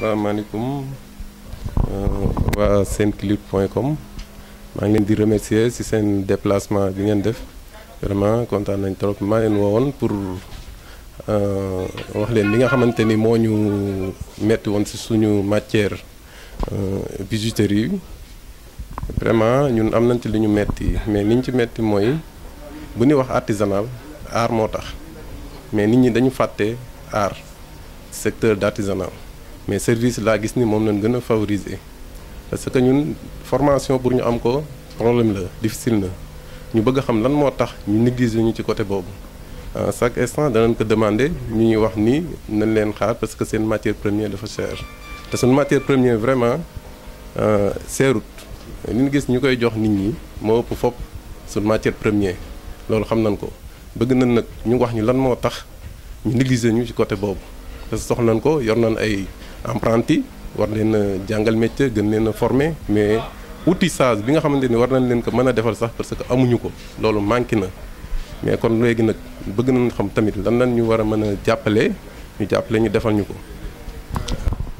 salaamaaleykum euh, waa senclic point com maa ngi di remercier ci seen déplacement bi ngeen def vraiment kontaan nañ trop maa leen woowoon pour euh, wax leen li nga xamante ni moo ñu metti woon ci suñu matière euh, bijouterie yi vraiment ñun am nañ ci li ñu metti mais liñ ci metti mooy bu ñuy wax artisanal aar moo tax mais nit ñi dañu fàtte aar secteur d'artisanat mais service laa gis ni moom lañ gën favoriser parce que ñun formation pour ñu am ko problème la difficile na ñu bëgg xam lan mo tax ñu négliger ñu ci côté bobu à chaque instant danañ ko demander ñu ñi wax ni nañ leen xaar parce que seen matière première dafa cher te seen matière première vraiment euh, seerut li ñu gis ñu koy jox nit ñi moo ëpp fopp suñ matière première loolu xam nañ ko bëgg nañ nag ñu wax ñu lan moo tax ñu négliger ñu ci côté boobu parce que soxla nañ ko yor nañ ay apprentis war leen jàngal métier gën leen a former mais outillage bi nga xamante ni war nañ leen ko mën a defal sax parce que amuñu ko loolu manqué na mais kon léegi nag bëgg na xam tamit lan lan ñu war a mën a jàppale ñu jàppale ñu defal ñu ko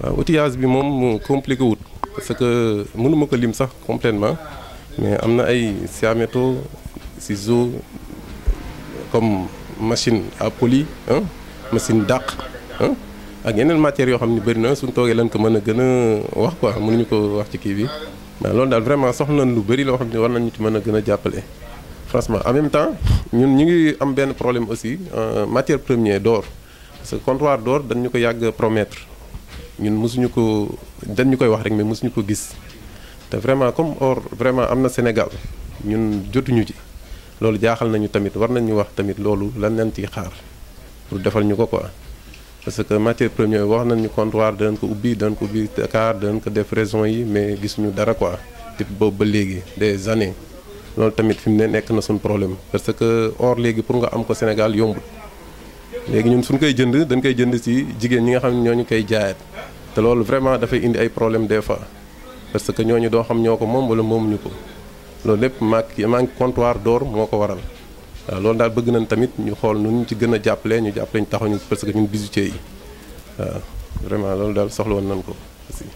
waaw bi moom compliqué wut parce que mënuma ko lim sax complètement mais am na ay siameto ciseaux comme machine à poli machine dàq ak yeneen matières yoo xam ne bëri na suñ toogee lan ko mën a gën a wax quoi mënuñu ko wax ci kii bi mais loolu daal vraiment soxla lu bëri loo xam ne war nañu ci mën a gën a jàppale franchement en même temps ñun ñu ngi am benn problème aussi euh, matière première d'or parce que comptoir d'or dañ ñu ko yàgg promettre ñun mosuñu ko dañ ñu koy wax rek mais mosuñu ko gis te vraiment comme or vraiment am na Sénégal ñun jotuñu ci loolu jaaxal nañu tamit war nañu wax tamit loolu lan lañ ciy xaar pour defal ñu ko quoi parce que matière première wax nañu comptoir danañ ko ubbi danañ ko ubbi Dakar danañ ko def raison yi mais gisuñu dara quoi depuis boobu ba léegi des années loolu tamit fi mu ne nekk na suñu problème parce que or léegi pour nga am ko Sénégal yombul léegi ñun suñ koy jënd dañ koy jënd si jigéen ñi nga xam ne ñooñu koy jaayaat te loolu vraiment dafay indi ay problème des fois parce que ñooñu doo xam ñoo ko moom wala moomuñu ko loolu lépp maa yi ngi comptoir d'or moo ko waral waaw euh, loolu daal bëgg nañ tamit ñu xool nu ñu ci gën a jàppale ñu jàppale ñu taxaw ñu parce que ñun bijoutier yi waaw vraiment loolu daal soxla woon nañ ko aussi